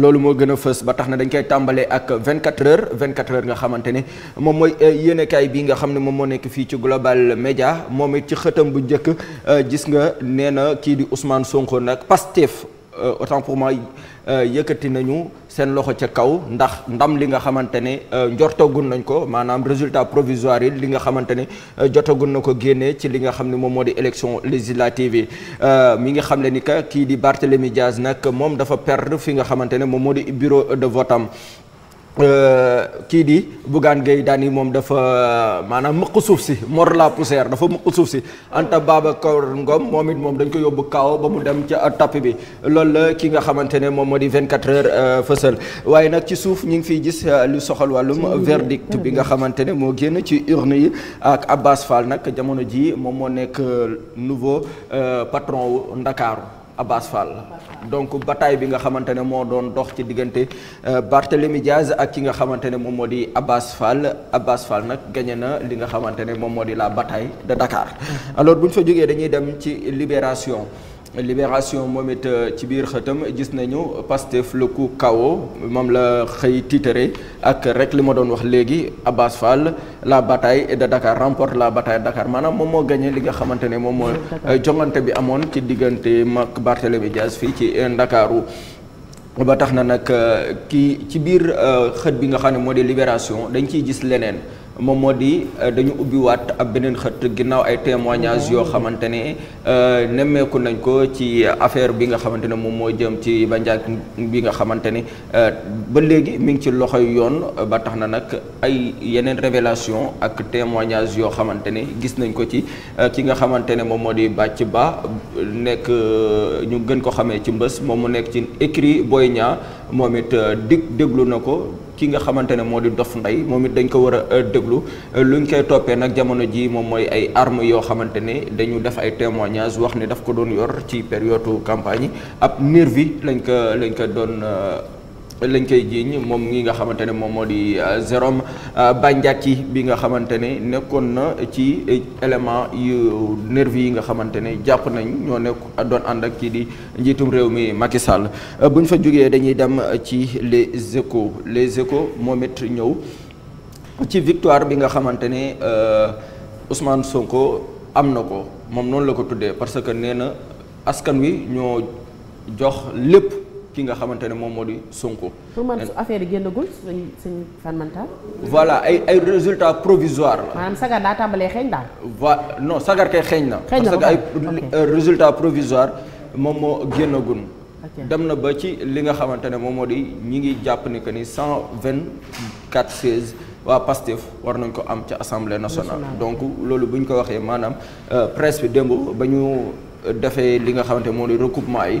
loolu moo gën a fës ba tax na dañ koy tàmbalee ak heure vingt 24 heures nga xamante ne moom mooy euh, yéenekaay bi nga xam ne moom moo nekk fii ci Global Média moom it ci xëtam bu njëkk euh, gis nga nee na kii di Ousmane Sonko nag Pastef euh, autant pour moi euh, yëkëti nañu seen loxo ca kaw ndax ndam li nga xamante ne eh, njortogun nañ ko maanaam résultat provisoire yi li nga xamante ne eh, jotogun na ko ci li nga xam ne moom élection législative yi eh, mi ngi xam le ni que kii di barthélémy diaz nag moom dafa perdre fi nga xamante ne moom bureau de votam Eh, kii di bugaan gay dani moom dafa maanaam mëq suuf si mor la poussière dafa mëq suuf si anta baaba kawr ngom moom it moom dañ ko yóbbu kaw ba mu dem bi loolu eh, ki nga xamante ne moom di 24 heures eh, fësal waaye nag ci suuf ñu ngi fiy lu soxal wàllum verdict bi nga xamante ne moo génn ci ak abbas fall nag jamono ji moom moo nouveau patron wu Abass Fall donc bataille bi nga xamante ne moo doon dox ci diggante euh, Barthélémy Diaz ak ki nga xamante ne moom moo di Abass Fall nag gagné na li nga xamante ne moom moo di la bataille de Dakar mm-hmm. alors bu ñu fa jógee dañuy dem ci libération libération moom it euh, ci biir xëtam gis nañu Pastef le coup KO moom la xëy tiitaree ak rek li ma doon wax léegi Abbas Fall la bataille de Dakar remporte la bataille de maanaam moom moo gagné li nga xamante ne moom moo euh, jongante bi amoon ci diggante mag Barthélémy Dias fii ci euh, Ndakaaru ba tax na nag kii ci biir xët bi nga xam ne moo di libération dañ ciy gis leneen moom moo di euh, dañu ubbiwaat ab beneen xët ginnaaw ay témoignages yoo xamante ne euh, nemmeeku nañ ko ci affaire bi nga xamante ne moom moo jëm ci banjaak bi nga xamante ne euh, ba léegi mi ngi ci loxoy yoon ba tax na nag ay yeneen révélation ak témoignages yoo xamante ne gis nañ ko ci ki nga xamante ne moom moo di bàcc ba nekk ñu gën ko xamee ci mbës moom mu nekk ci écrit booy ñaa moom it euh, dig déglu na ko ki nga xamante ne moo di Dof Ndeye moom it dañ ko war a euh, déglu euh, luñ koy toppee nag jamono ji moom mooy ay armes yoo xamante ne dañu def ay témoignages wax ne daf ko doon yor ci période campagne yi ab nervi lañ ko lañ ko doon. lañ koy jiiñ moom ngi nga xamante ne moom moo di euh, Jérôme euh, Bandiaki bi nga xamante ne nekkoon na ci euh, élément yu nervi yi nga xamante ne jàpp nañ ñoo nekk doon ànd ak kii di njiitum réew mi Macky Sall bu ñu fa jógee dañuy dem ci les échos les échos moom it ñëw ci victoire bi nga xamante ne Ousmane Sonko am na ko moom noonu la ko tuddee parce que nee na askan wi ñoo jox lépp ki nga xamante ne moom moo di Sonko. pour man su affaire yi génnagul suñ suñ fan mantal voilà ay ay résultats provisoires la. maanaam sagar daa tàmbalee xeeñ daal. va non sagar kay xeeñ na. xeeñ na parce que ay euh, résultats provisoires moom moo génnagul. dem na ba ci li nga xamante ne moom moo di ñi ngi jàpp ni que ni cent vingt quatre seize waa PASTEF war nañ ko am ci assemblée nationale. donc loolu bu ñu ko waxee maanaam euh, presse bi démb ba ñu defee li nga xamante moo di recoupement yi.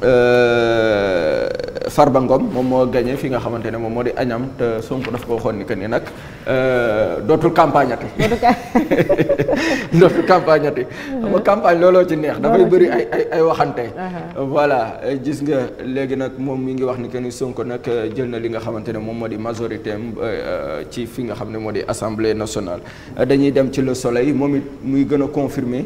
Euh, Farba Ngom moom moo gagné fi nga xamante ne moom moo di añam te Sonko daf ko waxoon ni que ni nag euh, dootul campagne dootul campagne ati. xam nga campagne looloo ci neex. dafay bëri ay ay waxante. Uh-huh. voilà gis nga léegi nag moom mi ngi wax ni que ni Sonko nag euh, jël na li nga xamante ne moom moo di majorité am ci fi nga xam ne moo di assemblée nationale. dañuy dem ci le soleil moom it muy gën a confirmer.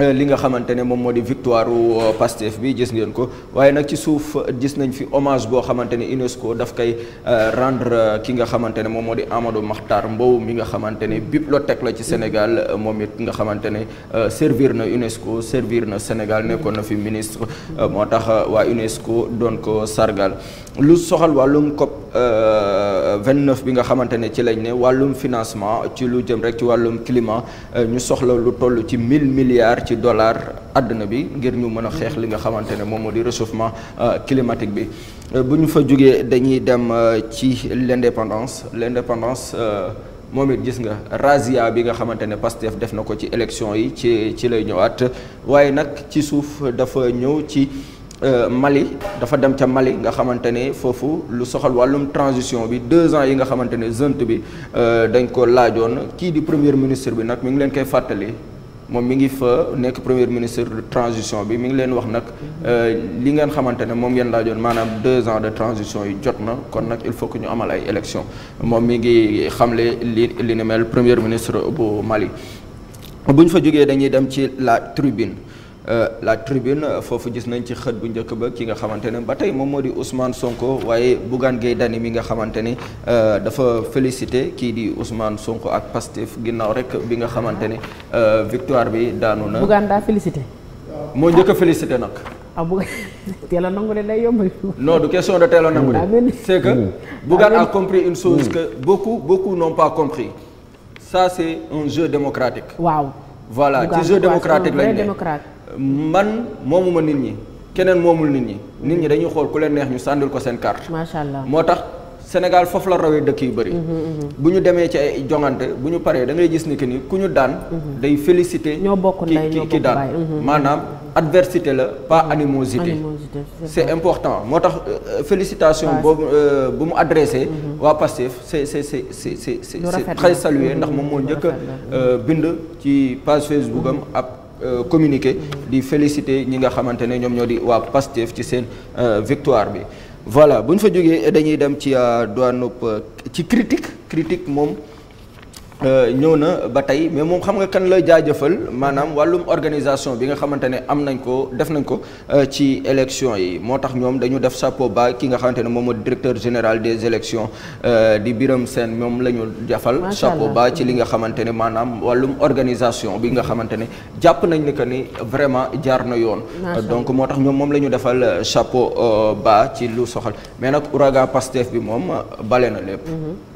Euh, li nga xamante ne moom moo di victoire euh, Pastef bi gis ngeen ko waaye nag ci suuf euh, gis nañ fi hommage boo xamante ne UNESCO daf koy rendre ki nga xamante ne moom moo di Amadou maxtar Mbow mi nga xamante ne bibliothèque la ci Sénégal moom it nga xamante ne servir na UNESCO servir na Sénégal nekkoon na fi ministre moo tax waa UNESCO doon ko sargal lu soxal wàllum COP 29 bi nga xamantene ci lañ né walum financement ci lu jëm rek ci walum climat euh, ñu soxla lu tollu ci 1000 milliards ci dollars aduna bi ngir ñu mëna xex li nga xamantene mom modi réchauffement euh, climatique bi. Euh, bu fa jógee dañuy dem ci l'indépendance l'indépendance. momit gis nga razia bi nga xamantene ne Pastef def na ko ci élection yi ci ci lay ñëwaat waaye nag ci suuf dafa ñëw ci. Euh, Mali dafa dem ci Mali nga xamante fofu lu soxal walum transition bi deux ans yi nga xamante ne bi bi euh, dañ ko lajone ki di premier ministre bi nak mi ngi len koy fatali mom mi ngi fa nek premier ministre de transition bi mi ngi len wax euh li ngeen xamante mom yeen lajone manam 2 ans de transition yi jotna kon nak il faut que ñu amal ay élection mom mi ngi xamle li ni mel premier ministre bu Mali buñ fa jógee dañuy dem ci la tribune euh, la tribune euh, fofu gis nañ ci xët bu njëkk ba ki nga xamante ne ba tey moom moo Ousmane Sonko waye Bougane Gueye Dany mi nga xamante euh dafa féliciter ki di Ousmane Sonko ak Pastef ginnaw rek bi nga xamante euh victoire bi daanu na. Bougane da féliciter mo njëkk féliciter nak ah Bougane teel a lay yomb. non du question de teel a c'est que Bougane a compris une chose que beaucoup beaucoup n'ont pas compris ça c'est un jeu démocratique. waaw voilà ci jeu démocratique lañ man moomuma nit ñi keneen momul nit ñi nit ñi dañuy xool ku leen neex ñu sandul ko seen carte machallah motax moo tax Sénégal foofu la rawee dëkk yu bari mhm, mhm. buñu démé ci ay jongante buñu paré da ngay gis ni que ni ku daan mhm. day féliciter ñoo bokk ndey ñoo bokk baay adversité la pas animosité c'est important motax félicitations euh, euh, félicitation euh, bu mu adressé wa Pastef c'est c'est c'est c'est c'est c'est très salué ndax moom moo njëkk bind ci page Facebook am euh, communiqué di féliciter ñi nga xamantene ñom ñoo di wa Pastef ci sen euh, victoire bi voilà buñ fa jógee dañuy dem ci euh, ci critique critique mom Euh, ñëw na ba tey mais moom xam nga kan la jaajëfal maanaam wàllum organisation bi nga xamante ne am nañ ko def nañ ko euh, ci élection yi moo tax ñoom dañu def chapeau bas ki nga xamante ne moom mooy directeur général des élections euh, di Birame Sène moom la ñu jafal chapeau bas ci li nga xamante ne maanaam wàllum organisation bi nga xamante ne jàpp nañ ni que ni vraiment jaar na yoon donc moo tax ñoom moom la ñu defal chapeau ba ci lu soxal mais nag ouragan Pastef bi moom bale na lépp mm-hmm.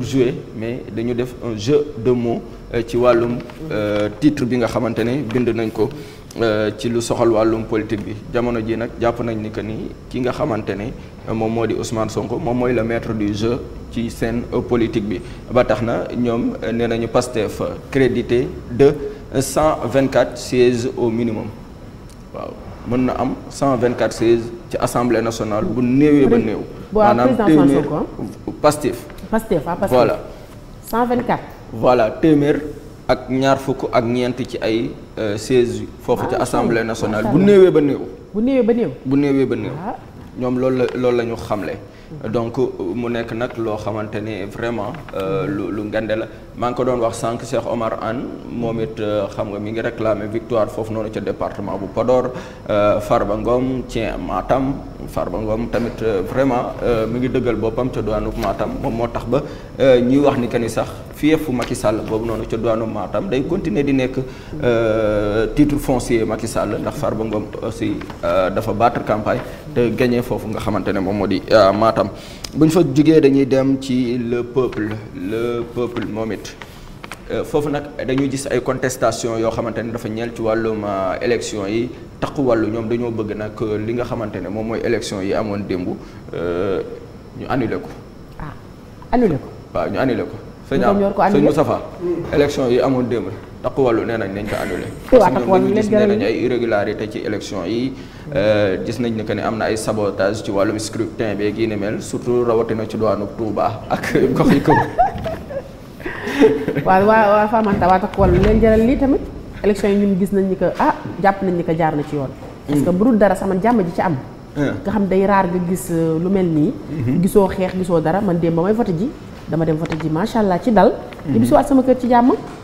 jouer mais dañu def un jeu de mots euh, ci walum euh, titre bi nga xamantene bind nañ ko euh, ci lu soxal walum politique bi jamono ji nak japp nañ ni que ni ki nga xamantene mom modi Ousmane Sonko mom moy le maître du jeu ci scène politique bi ba taxna ñom ñoom Pastef crédité de 124 sièges au minimum waaw mën na am 124 sièges ci assemblée nationale bu néewee ba néew maanaam téeméer hein. Pastef Pastef ah Pastef voilà 124. voilà téeméer ak ñaar fukk ak ñent ci ay 16 euh, foofu ah, ci assemblée nationale ah, bu newé ba new bu newé ba new bu newé ba new ah. ñom lool lool lañu xamlé Euh, donc euh, mu nekk nag loo xamante ni vraiment euh, lu lu ngande la maa ngi ko doon wax sànq Omar Anne moom it xam nga mi ngi réclamer victoire foofu noonu ca département bu Podor Farba Ngom Thien Matam Farba Ngom tamit vraiment mi ngi dëggal boppam ca doyenu Matam moom moo tax ba ñuy wax ni que ni sax fu Macky Sall boobu noonu ca doyenu Matam day continuer di nekk titre foncier Macky Sall ndax Farba Ngom aussi dafa battre campagne te gagné foofu nga xamante ne moom moo di Matam Matam bu fa jógee dañuy dem ci le peuple le peuple momit. it euh, foofu nag dañuy gis ay contestation yo xamantene dafa ñël ci walum euh, élection yi takku walu ñom dañoo bëgg nak euh, li nga xamantene mom moy élection yi amoon démb ñu annulé ko. ah annulé ko. waaw ñu annulé ko. sëñ Moustapha élection yi amone dembu. taxawalu nee nañ nañ ko annulé. parce ñu gis nee nañ ay irrégularité ci élection yi. Euh, gis nañ ne que ne am na ay sabotage ci wàllum scrutin beeg yi ni mel surtout rawatina ci doonu Touba ak gox yi ko. waaw waa waa Famanta waa taxawalu leen jëral lii tamit élection yi ñun gis nañ ni que ah jàpp nañ ni que jaar na ci yoon. parce que hmm. bu dul dara sama jàmm ji ci am. Hmm. nga xam day raar nga gis euh, lu mel nii. Hmm. gisoo xeex gisoo dara man démb ba may vote ji dama dem vote ji macha allah ci dal. ñibbisiwaat sama kër ci jàmm.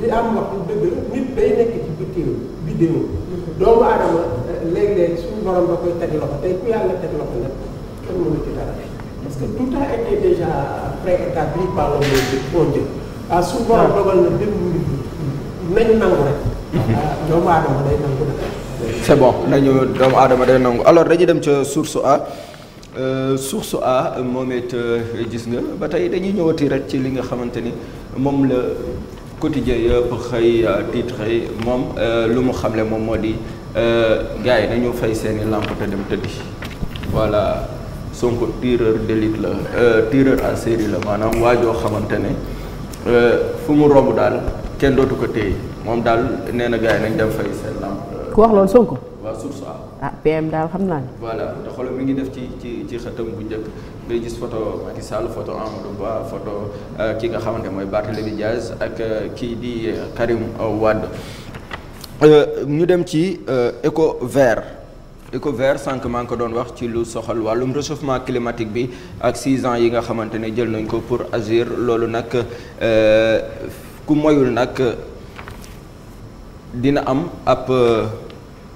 li am wax lu dëgg nit day nekk ci bitéew biddéew doomu aadama euh, léeg-léeg suñu borom da koy teg loxo tey ku yàlla teg loxo nag kenn ah, ah. na dem nit ah, aadama day nangu alors dañu dem ca source A euh, source A moom it euh, nga ba tey dañuy ñëwati rek ci li nga xamante ni moom la quotidien yëpp xëy euh, titre yi moom euh, lu mu xamle moom moo di euh, gars yi dañoo fay seen i lampe te dem tëddi voilà Sonko tireur d'élite la tireur en série la maanaam waajoo xamante ne fu mu romb daal kenn dootu ko téye moom daal nee na gars yi nañ dem fay seen lampe. ku wax loolu Sonko. waaw source a ah daal xam naa ne. voilà te xoolal mi ngi def ci ci ci bu njëkk ngay gis photo Macky photo Amadou Ba photo euh, ki nga xamante mooy Barthélémy Diaz ak euh, kii di Karim Wade. Euh, ñu dem ci éco vert éco vert sànq maa ngi ko doon wax ci lu soxal wàllum réchauffement climatique bi ak 6 yi nga xamante ne jël nañ ko pour asir loolu nag ku moyul nag dina am ab.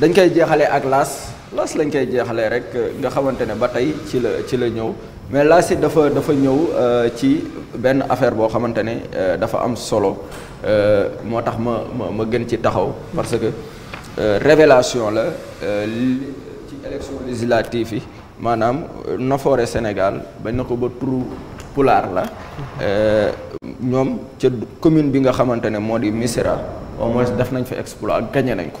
dañ koy jeexalee ak laas laas lañ koy jeexalee rek nga xamante ne ba tey ci la ci la ñëw mais laas it dafa dafa ñëw euh, ci benn affaire boo xamante ne euh, dafa am solo euh, moo tax ma ma gën ci taxaw parce que révélation la ci élection législative yi maanaam Nafoore Sénégal bañ na ko ba turu pulaar la ñoom ca commune bi nga xamante ne moo di Missirah au moins def nañ fa exploit gagné nañ ko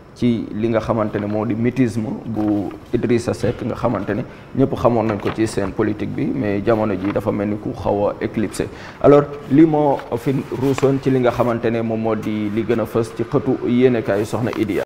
ci li nga xamante ne moo di mutisme bu Idrissa Seck nga xamante ne ñëpp xamoon nañ ko ci seen politique bi mais jamono ji dafa mel ni ku xaw a éclipsé alors lii moo fi ruusoon ci li nga xamante ne moom moo di li gën a fës ci xëtu yéenekaay soxna Idia